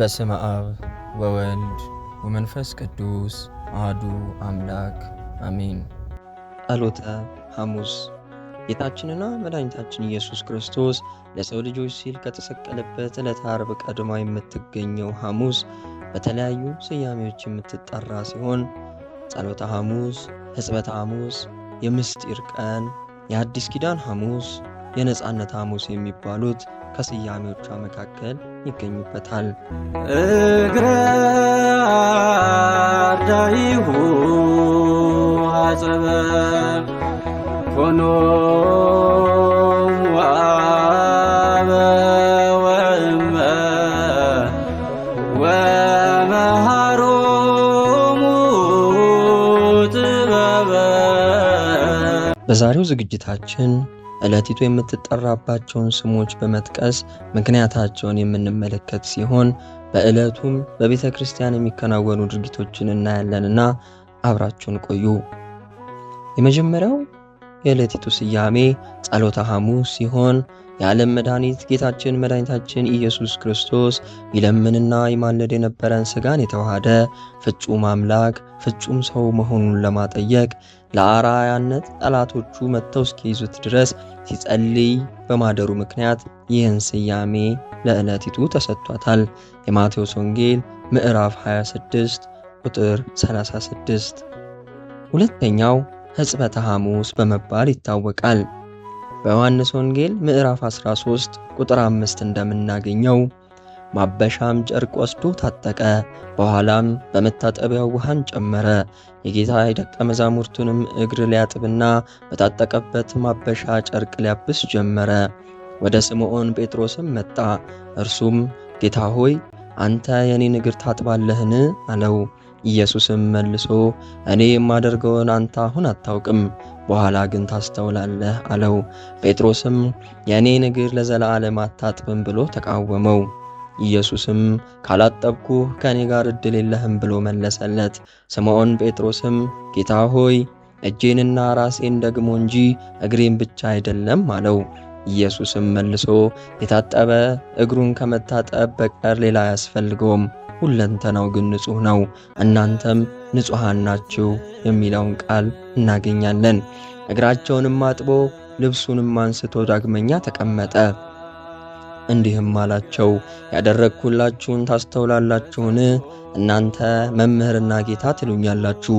በስመ አብ ወወልድ ወመንፈስ ቅዱስ አህዱ አምላክ አሜን። ጸሎተ ሐሙስ ጌታችንና መድኃኒታችን ኢየሱስ ክርስቶስ ለሰው ልጆች ሲል ከተሰቀለበት ዕለት ዓርብ ቀድማ የምትገኘው ሐሙስ በተለያዩ ስያሜዎች የምትጠራ ሲሆን ጸሎተ ሐሙስ፣ ሕጽበተ ሐሙስ፣ የምስጢር ቀን፣ የአዲስ ኪዳን ሐሙስ የነፃነት ሐሙስ የሚባሉት ከስያሜዎቿ መካከል ይገኙበታል። እግረ አዳይሁ አጸበ ኮኖ በዛሬው ዝግጅታችን ዕለቲቱ የምትጠራባቸውን ስሞች በመጥቀስ ምክንያታቸውን የምንመለከት ሲሆን በዕለቱም በቤተ ክርስቲያን የሚከናወኑ ድርጊቶችን እናያለንና አብራችሁን ቆዩ። የመጀመሪያው የዕለቲቱ ስያሜ ጸሎተ ሐሙስ ሲሆን የዓለም መድኃኒት ጌታችን መድኃኒታችን ኢየሱስ ክርስቶስ ይለምንና ይማልድ የነበረን ሥጋን የተዋሃደ ፍጹም አምላክ ፍጹም ሰው መሆኑን ለማጠየቅ ለአራያነት ጠላቶቹ መጥተው እስኪይዙት ድረስ ሲጸልይ በማደሩ ምክንያት ይህን ስያሜ ለዕለቲቱ ተሰጥቷታል። የማቴዎስ ወንጌል ምዕራፍ 26 ቁጥር 36። ሁለተኛው ሕጽበተ ሐሙስ በመባል ይታወቃል። በዮሐንስ ወንጌል ምዕራፍ 13 ቁጥር 5 እንደምናገኘው ማበሻም ጨርቅ ወስዶ ታጠቀ፣ በኋላም በመታጠቢያው ውሃን ጨመረ። የጌታ የደቀ መዛሙርቱንም እግር ሊያጥብና በታጠቀበት ማበሻ ጨርቅ ሊያብስ ጀመረ። ወደ ስምዖን ጴጥሮስም መጣ። እርሱም ጌታ ሆይ አንተ የኔን እግር ታጥባለህን? አለው። ኢየሱስም መልሶ እኔ የማደርገውን አንተ አሁን አታውቅም፣ በኋላ ግን ታስተውላለህ አለው። ጴጥሮስም የእኔን እግር ለዘላለም አታጥብም ብሎ ተቃወመው። ኢየሱስም ካላጠብኩህ ከእኔ ጋር እድል የለህም ብሎ መለሰለት። ስምዖን ጴጥሮስም ጌታ ሆይ እጄንና ራሴን ደግሞ እንጂ እግሬን ብቻ አይደለም አለው። ኢየሱስም መልሶ የታጠበ እግሩን ከመታጠብ በቀር ሌላ አያስፈልገውም ሁለንተናው ግን ንጹህ ነው። እናንተም ንጹሐን ናችሁ የሚለውን ቃል እናገኛለን። እግራቸውንም አጥቦ ልብሱንም አንስቶ ዳግመኛ ተቀመጠ። እንዲህም አላቸው፣ ያደረኩላችሁን ታስተውላላችሁን? እናንተ መምህርና ጌታ ትሉኛላችሁ፣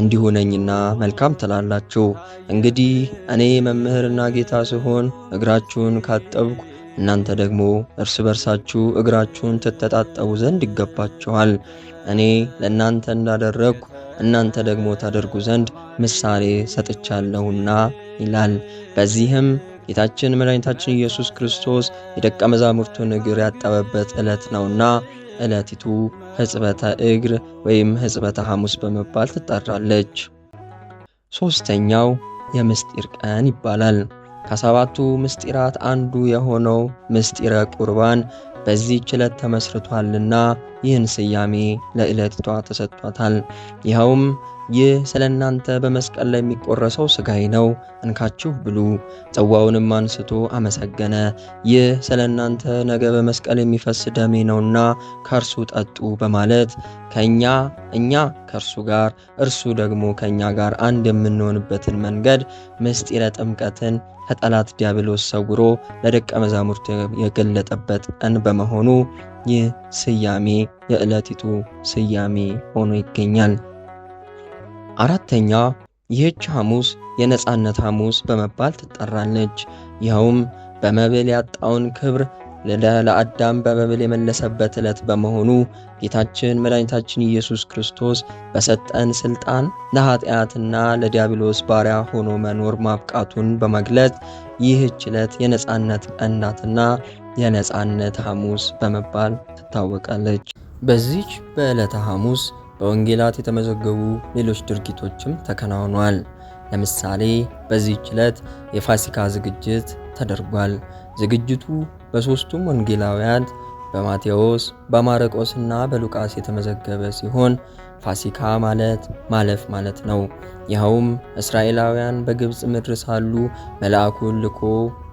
እንዲሁ ነኝና መልካም ትላላችሁ። እንግዲህ እኔ መምህርና ጌታ ስሆን እግራችሁን ካጠብኩ እናንተ ደግሞ እርስ በርሳችሁ እግራችሁን ትተጣጠቡ ዘንድ ይገባችኋል። እኔ ለእናንተ እንዳደረኩ እናንተ ደግሞ ታደርጉ ዘንድ ምሳሌ ሰጥቻለሁና ይላል። በዚህም ጌታችን መድኃኒታችን ኢየሱስ ክርስቶስ የደቀ መዛሙርቱን እግር ያጠበበት ዕለት ነውና ዕለቲቱ ሕጽበተ እግር ወይም ሕጽበተ ሐሙስ በመባል ትጠራለች። ሦስተኛው የምስጢር ቀን ይባላል። ከሰባቱ ምስጢራት አንዱ የሆነው ምስጢረ ቁርባን በዚህች ዕለት ተመስርቷልና ይህን ስያሜ ለዕለቷ ተሰጥቷታል። ይኸውም ይህ ስለ እናንተ በመስቀል ላይ የሚቆረሰው ስጋዬ ነው፣ እንካችሁ ብሉ። ጽዋውንም አንስቶ አመሰገነ። ይህ ስለ እናንተ ነገ በመስቀል የሚፈስ ደሜ ነውና ከእርሱ ጠጡ በማለት ከእኛ እኛ ከእርሱ ጋር እርሱ ደግሞ ከእኛ ጋር አንድ የምንሆንበትን መንገድ ምስጢረ ጥምቀትን ከጠላት ዲያብሎስ ሰውሮ ለደቀ መዛሙርት የገለጠበት ቀን በመሆኑ ይህ ስያሜ የዕለቲቱ ስያሜ ሆኖ ይገኛል። አራተኛ ይህች ሐሙስ የነጻነት ሐሙስ በመባል ትጠራለች። ይኸውም በመብል ያጣውን ክብር ለአዳም በመብል የመለሰበት ዕለት በመሆኑ ጌታችን መድኃኒታችን ኢየሱስ ክርስቶስ በሰጠን ስልጣን ለኃጢአትና ለዲያብሎስ ባሪያ ሆኖ መኖር ማብቃቱን በመግለጽ ይህች ዕለት የነጻነት እናትና የነፃነት የነጻነት ሐሙስ በመባል ትታወቃለች። በዚች በዕለተ ሐሙስ በወንጌላት የተመዘገቡ ሌሎች ድርጊቶችም ተከናውኗል። ለምሳሌ በዚህች ዕለት የፋሲካ ዝግጅት ተደርጓል። ዝግጅቱ በሦስቱም ወንጌላውያን በማቴዎስ በማርቆስና በሉቃስ የተመዘገበ ሲሆን ፋሲካ ማለት ማለፍ ማለት ነው። ይኸውም እስራኤላውያን በግብፅ ምድር ሳሉ መልአኩን ልኮ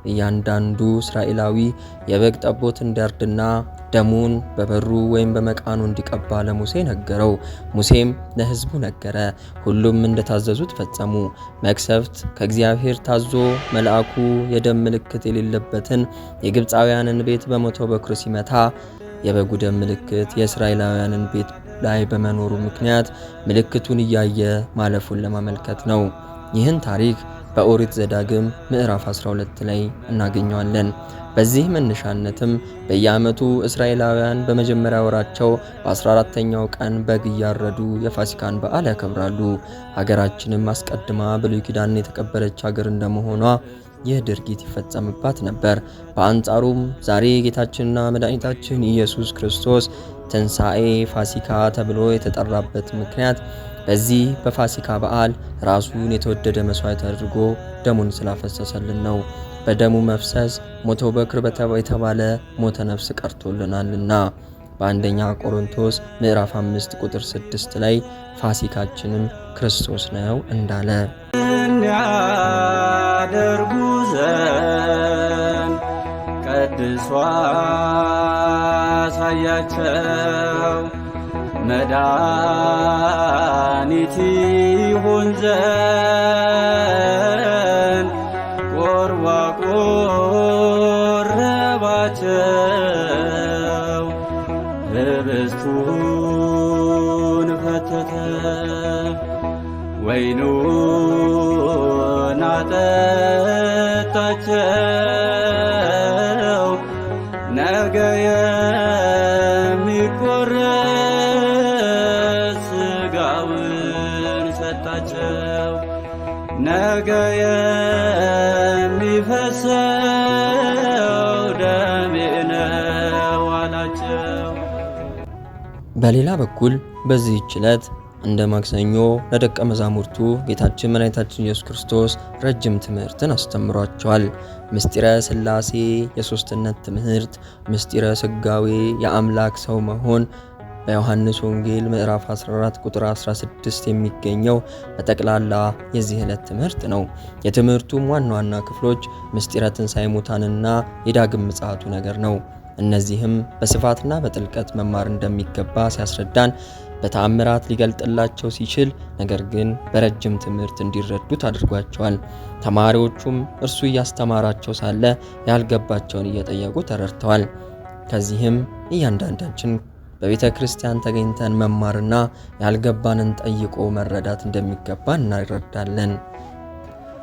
እያንዳንዱ እስራኤላዊ የበግ ጠቦት እንዲያርድና ደሙን በበሩ ወይም በመቃኑ እንዲቀባ ለሙሴ ነገረው። ሙሴም ለሕዝቡ ነገረ፣ ሁሉም እንደታዘዙት ፈጸሙ። መቅሰፍት ከእግዚአብሔር ታዞ መልአኩ የደም ምልክት የሌለበትን የግብፃውያንን ቤት በመቶ በኩር ሲመታ የበጉ ደም ምልክት የእስራኤላውያንን ቤት ላይ በመኖሩ ምክንያት ምልክቱን እያየ ማለፉን ለማመልከት ነው። ይህን ታሪክ በኦሪት ዘዳግም ምዕራፍ 12 ላይ እናገኘዋለን። በዚህ መነሻነትም በየዓመቱ እስራኤላውያን በመጀመሪያ ወራቸው በ14ተኛው ቀን በግ እያረዱ የፋሲካን በዓል ያከብራሉ። ሀገራችንም አስቀድማ ብሉይ ኪዳን የተቀበለች ሀገር እንደመሆኗ ይህ ድርጊት ይፈጸምባት ነበር። በአንጻሩም ዛሬ ጌታችንና መድኃኒታችን ኢየሱስ ክርስቶስ ትንሣኤ ፋሲካ ተብሎ የተጠራበት ምክንያት በዚህ በፋሲካ በዓል ራሱን የተወደደ መስዋዕት አድርጎ ደሙን ስላፈሰሰልን ነው። በደሙ መፍሰስ ሞተ በክር የተባለ ሞተ ነፍስ ቀርቶልናልና። በአንደኛ ቆሮንቶስ ምዕራፍ 5 ቁጥር 6 ላይ ፋሲካችንም ክርስቶስ ነው እንዳለ ያደርጉ ዘንድ ቀድሷ አሳያቸው መድኃኒት ይሁን ዘንድ ቆርባ ቆረባቸው ህብስቱን ፈተተ ወይኑን አጠጣቸው ነገ የሚቆረ ነገ የሚፈሰው ደሜ ነው አላቸው። በሌላ በኩል በዚህ ችለት እንደ ማክሰኞ ለደቀ መዛሙርቱ ጌታችን መድኃኒታችን ኢየሱስ ክርስቶስ ረጅም ትምህርትን አስተምሯቸዋል። ምስጢረ ሥላሴ የሦስትነት ትምህርት፣ ምስጢረ ሥጋዌ የአምላክ ሰው መሆን በዮሐንስ ወንጌል ምዕራፍ 14 ቁጥር 16 የሚገኘው በጠቅላላ የዚህ ዕለት ትምህርት ነው። የትምህርቱም ዋና ዋና ክፍሎች ምስጢረ ትንሣኤ ሙታንና የዳግም ምጽአቱ ነገር ነው። እነዚህም በስፋትና በጥልቀት መማር እንደሚገባ ሲያስረዳን በተአምራት ሊገልጥላቸው ሲችል ነገር ግን በረጅም ትምህርት እንዲረዱት አድርጓቸዋል። ተማሪዎቹም እርሱ እያስተማራቸው ሳለ ያልገባቸውን እየጠየቁ ተረድተዋል። ከዚህም እያንዳንዳችን በቤተ ክርስቲያን ተገኝተን መማርና ያልገባንን ጠይቆ መረዳት እንደሚገባ እናረዳለን።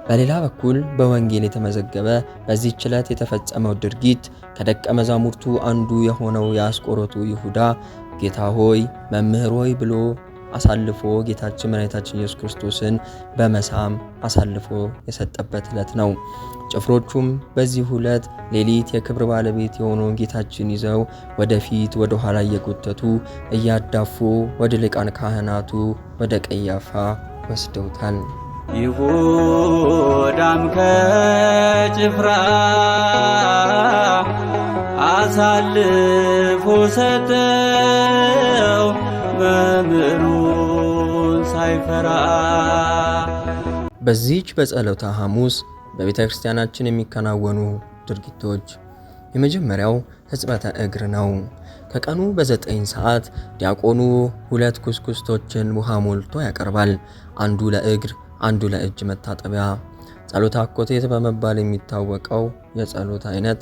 በሌላ በኩል በወንጌል የተመዘገበ በዚህች ዕለት የተፈጸመው ድርጊት ከደቀ መዛሙርቱ አንዱ የሆነው የአስቆሮቱ ይሁዳ ጌታ ሆይ መምህር ሆይ ብሎ አሳልፎ ጌታችን መድኃኒታችን ኢየሱስ ክርስቶስን በመሳም አሳልፎ የሰጠበት ዕለት ነው። ጭፍሮቹም በዚህ ዕለት ሌሊት የክብር ባለቤት የሆነውን ጌታችን ይዘው ወደፊት ወደ ኋላ እየጎተቱ እያዳፉ ወደ ሊቃነ ካህናቱ ወደ ቀያፋ ወስደውታል። ይሁዳም ከጭፍራ አሳልፎ ሰጠው መምሩ ሳይፈራ በዚህች በጸሎተ ሐሙስ በቤተ ክርስቲያናችን የሚከናወኑ ድርጊቶች የመጀመሪያው ሕጽበተ እግር ነው። ከቀኑ በዘጠኝ ሰዓት ዲያቆኑ ሁለት ኩስኩስቶችን ውሃ ሞልቶ ያቀርባል። አንዱ ለእግር፣ አንዱ ለእጅ መታጠቢያ። ጸሎተ አኮቴት በመባል የሚታወቀው የጸሎት አይነት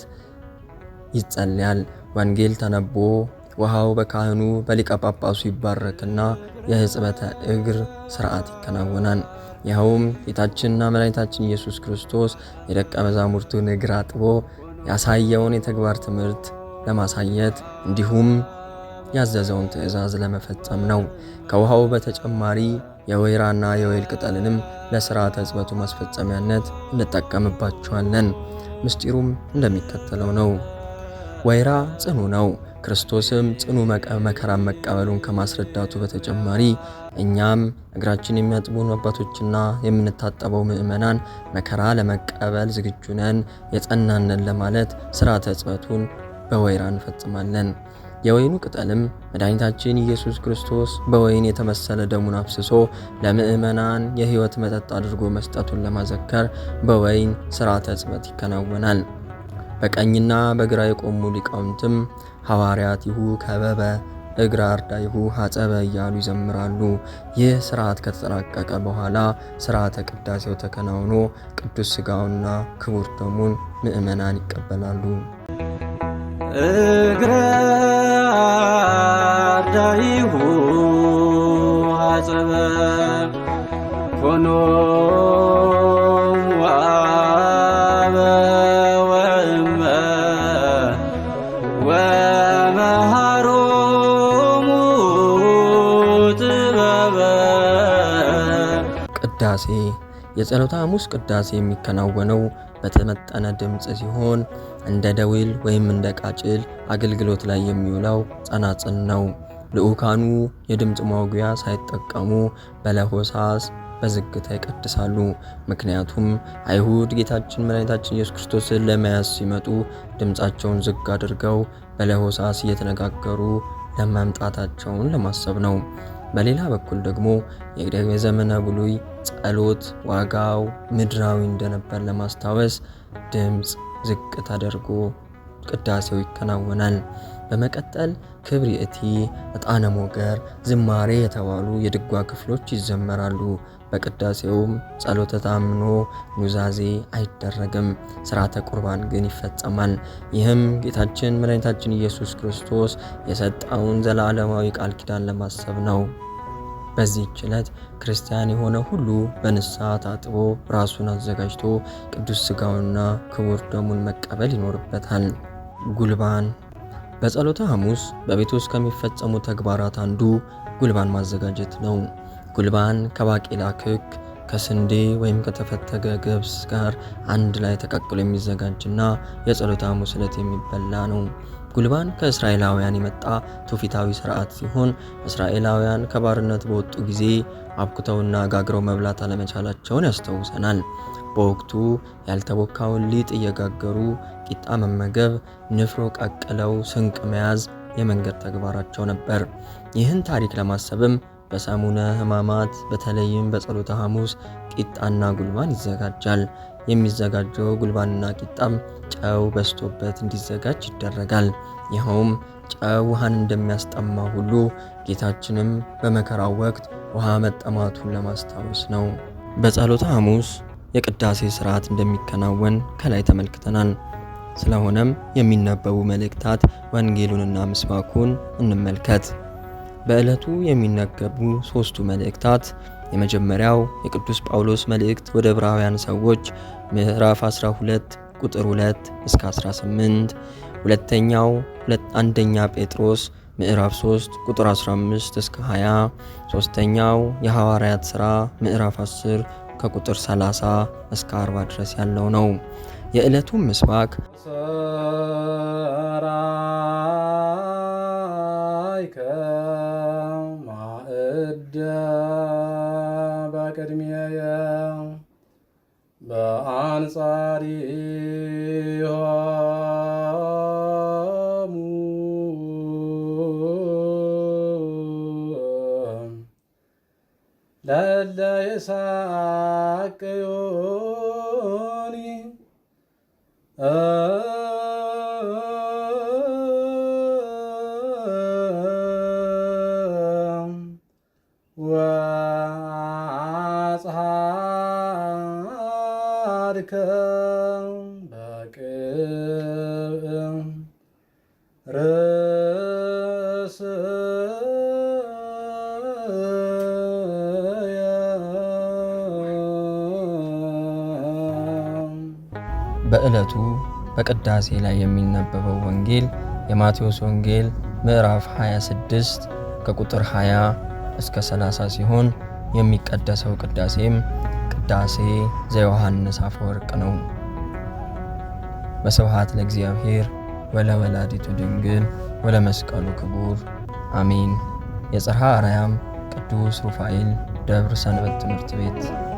ይጸልያል። ወንጌል ተነቦ ውሃው በካህኑ በሊቀ ጳጳሱ ይባረክና የሕጽበተ እግር ስርዓት ይከናወናል። ይኸውም ጌታችንና መድኃኒታችን ኢየሱስ ክርስቶስ የደቀ መዛሙርቱን እግር አጥቦ ያሳየውን የተግባር ትምህርት ለማሳየት እንዲሁም ያዘዘውን ትእዛዝ ለመፈጸም ነው። ከውሃው በተጨማሪ የወይራና የወይል ቅጠልንም ለሥርዓተ ሕጽበቱ ማስፈጸሚያነት እንጠቀምባቸዋለን። ምስጢሩም እንደሚከተለው ነው። ወይራ ጽኑ ነው። ክርስቶስም ጽኑ መከራን መቀበሉን ከማስረዳቱ በተጨማሪ እኛም እግራችን የሚያጥቡን አባቶችና የምንታጠበው ምዕመናን መከራ ለመቀበል ዝግጁ ነን፣ የጸናነን ለማለት ሥርዓተ ጽበቱን በወይራ እንፈጽማለን። የወይኑ ቅጠልም መድኃኒታችን ኢየሱስ ክርስቶስ በወይን የተመሰለ ደሙን አፍስሶ ለምዕመናን የሕይወት መጠጥ አድርጎ መስጠቱን ለማዘከር በወይን ሥርዓተ ጽበት ይከናወናል። በቀኝና በግራ የቆሙ ሊቃውንትም ሐዋርያት ይሁ ከበበ እግራ አርዳይሁ ሐጸበ እያሉ ይዘምራሉ። ይህ ሥርዓት ከተጠናቀቀ በኋላ ሥርዓተ ቅዳሴው ተከናውኖ ቅዱስ ሥጋውና ክቡር ደሙን ምእመናን ይቀበላሉ። እግረ ሐጸበ ኮኖ ቅዳሴ የጸሎተ ሐሙስ ቅዳሴ የሚከናወነው በተመጠነ ድምፅ ሲሆን እንደ ደዌል ወይም እንደ ቃጭል አገልግሎት ላይ የሚውለው ጸናጽን ነው። ልዑካኑ የድምፅ ማጉያ ሳይጠቀሙ በለሆሳስ በዝግታ ይቀድሳሉ። ምክንያቱም አይሁድ ጌታችን መድኃኒታችን ኢየሱስ ክርስቶስን ለመያዝ ሲመጡ ድምፃቸውን ዝግ አድርገው በለሆሳስ እየተነጋገሩ ለመምጣታቸውን ለማሰብ ነው። በሌላ በኩል ደግሞ የቅዳሜ ዘመነ ብሉይ ጸሎት ዋጋው ምድራዊ እንደነበር ለማስታወስ ድምፅ ዝቅ ተደርጎ ቅዳሴው ይከናወናል። በመቀጠል ክብርእቲ ዕጣነ ሞገር፣ ዝማሬ የተባሉ የድጓ ክፍሎች ይዘመራሉ። በቅዳሴውም ጸሎተ ታምኖ ኑዛዜ አይደረግም፣ ስርዓተ ቁርባን ግን ይፈጸማል። ይህም ጌታችን መድኃኒታችን ኢየሱስ ክርስቶስ የሰጠውን ዘላለማዊ ቃል ኪዳን ለማሰብ ነው። በዚህች ዕለት ክርስቲያን የሆነ ሁሉ በንስሐ ታጥቦ ራሱን አዘጋጅቶ ቅዱስ ሥጋውና ክቡር ደሙን መቀበል ይኖርበታል። ጉልባን በጸሎተ ሐሙስ በቤት ውስጥ ከሚፈጸሙ ተግባራት አንዱ ጉልባን ማዘጋጀት ነው። ጉልባን ከባቄላ ክክ፣ ከስንዴ ወይም ከተፈተገ ገብስ ጋር አንድ ላይ ተቀቅሎ የሚዘጋጅና የጸሎተ ሐሙስ ዕለት የሚበላ ነው። ጉልባን ከእስራኤላውያን የመጣ ትውፊታዊ ስርዓት ሲሆን እስራኤላውያን ከባርነት በወጡ ጊዜ አብኩተውና ጋግረው መብላት አለመቻላቸውን ያስታውሰናል። በወቅቱ ያልተቦካውን ሊጥ እየጋገሩ ቂጣ መመገብ፣ ንፍሮ ቀቅለው ስንቅ መያዝ የመንገድ ተግባራቸው ነበር። ይህን ታሪክ ለማሰብም በሰሙነ ሕማማት በተለይም በጸሎተ ሐሙስ ቂጣና ጉልባን ይዘጋጃል። የሚዘጋጀው ጉልባንና ቂጣም ጨው በስቶበት እንዲዘጋጅ ይደረጋል። ይኸውም ጨው ውሃን እንደሚያስጠማ ሁሉ ጌታችንም በመከራው ወቅት ውሃ መጠማቱን ለማስታወስ ነው። በጸሎተ ሐሙስ የቅዳሴ ስርዓት እንደሚከናወን ከላይ ተመልክተናል። ስለሆነም የሚነበቡ መልእክታት ወንጌሉንና ምስባኩን እንመልከት። በዕለቱ የሚነገቡ ሦስቱ መልእክታት የመጀመሪያው የቅዱስ ጳውሎስ መልእክት ወደ ዕብራውያን ሰዎች ምዕራፍ 12 ቁጥር 2 እስከ 18፣ ሁለተኛው አንደኛ ጴጥሮስ ምዕራፍ 3 ቁጥር 15 እስከ 20፣ ሶስተኛው የሐዋርያት ሥራ ምዕራፍ 10 ከቁጥር 30 እስከ 40 ድረስ ያለው ነው። የዕለቱን ምስባክ በቅድሜየ በአንጻሪሆሙ ለለ ይሳቅዩ because በቅዳሴ ላይ የሚነበበው ወንጌል የማቴዎስ ወንጌል ምዕራፍ 26 ከቁጥር 20 እስከ 30 ሲሆን የሚቀደሰው ቅዳሴም ቅዳሴ ዘዮሐንስ አፈወርቅ ነው። ወስብሐት ለእግዚአብሔር ወለወላዲቱ ድንግል ወለመስቀሉ ክቡር አሜን። የጽርሐ አርያም ቅዱስ ሩፋኤል ደብር ሰንበት ትምህርት ቤት